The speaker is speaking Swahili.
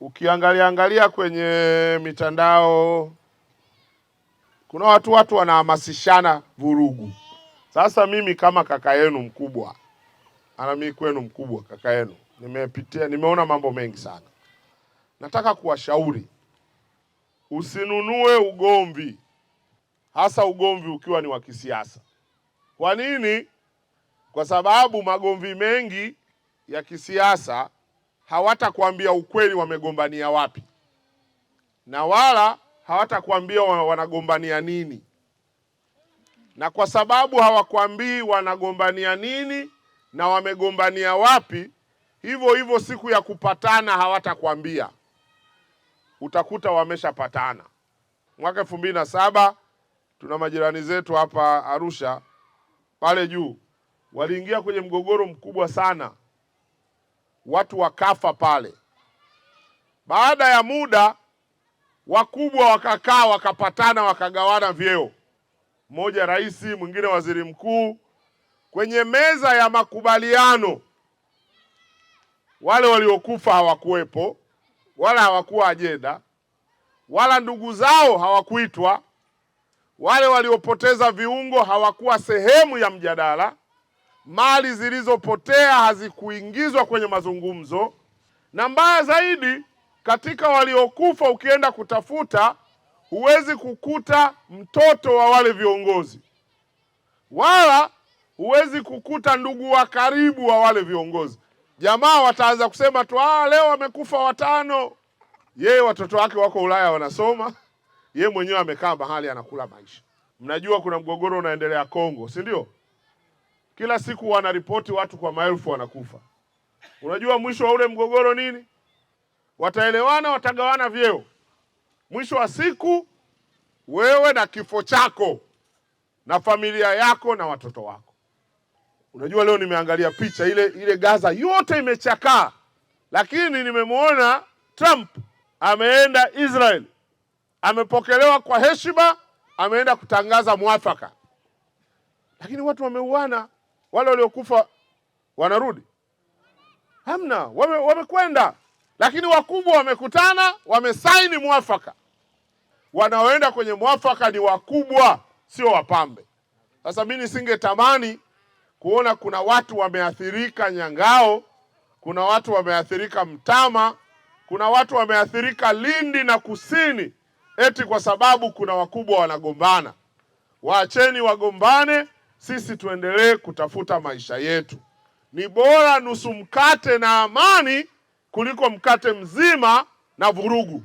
ukiangalia angalia kwenye mitandao kuna watu watu wanahamasishana vurugu. Sasa mimi kama kaka yenu mkubwa, ana mimi kwenu mkubwa, kaka yenu, nimepitia nimeona mambo mengi sana, nataka kuwashauri usinunue ugomvi, hasa ugomvi ukiwa ni wa kisiasa. Kwa nini? Kwa sababu magomvi mengi ya kisiasa hawatakwambia ukweli wamegombania wapi, na wala hawatakwambia wanagombania nini. Na kwa sababu hawakwambii wanagombania nini na wamegombania wapi, hivyo hivyo siku ya kupatana hawatakwambia, utakuta wameshapatana. Mwaka elfu mbili na saba tuna majirani zetu hapa Arusha pale juu waliingia kwenye mgogoro mkubwa sana watu wakafa pale. Baada ya muda, wakubwa wakakaa, wakapatana, wakagawana vyeo, mmoja rais, mwingine waziri mkuu. Kwenye meza ya makubaliano, wale waliokufa hawakuwepo, wala hawakuwa ajenda, wala ndugu zao hawakuitwa, wale waliopoteza viungo hawakuwa sehemu ya mjadala mali zilizopotea hazikuingizwa kwenye mazungumzo, na mbaya zaidi katika waliokufa, ukienda kutafuta huwezi kukuta mtoto wa wale viongozi, wala huwezi kukuta ndugu wa karibu wa wale viongozi. Jamaa wataanza kusema tu, ah, leo wamekufa watano. Yeye watoto wake wako Ulaya wanasoma, yeye mwenyewe amekaa mahali anakula maisha. Mnajua kuna mgogoro unaendelea Kongo, si ndio? Kila siku wanaripoti watu kwa maelfu wanakufa. Unajua mwisho wa ule mgogoro nini? Wataelewana, watagawana vyeo. Mwisho wa siku wewe na kifo chako na familia yako na watoto wako. Unajua leo nimeangalia picha ile ile, Gaza yote imechakaa, lakini nimemwona Trump ameenda Israel, amepokelewa kwa heshima, ameenda kutangaza mwafaka, lakini watu wameuana wale waliokufa wanarudi? Hamna, wamekwenda wame, lakini wakubwa wamekutana, wamesaini mwafaka. Wanaoenda kwenye mwafaka ni wakubwa, sio wapambe. Sasa mimi nisingetamani kuona kuna watu wameathirika Nyangao, kuna watu wameathirika Mtama, kuna watu wameathirika Lindi na Kusini, eti kwa sababu kuna wakubwa wanagombana. Waacheni wagombane, sisi tuendelee kutafuta maisha yetu. Ni bora nusu mkate na amani kuliko mkate mzima na vurugu.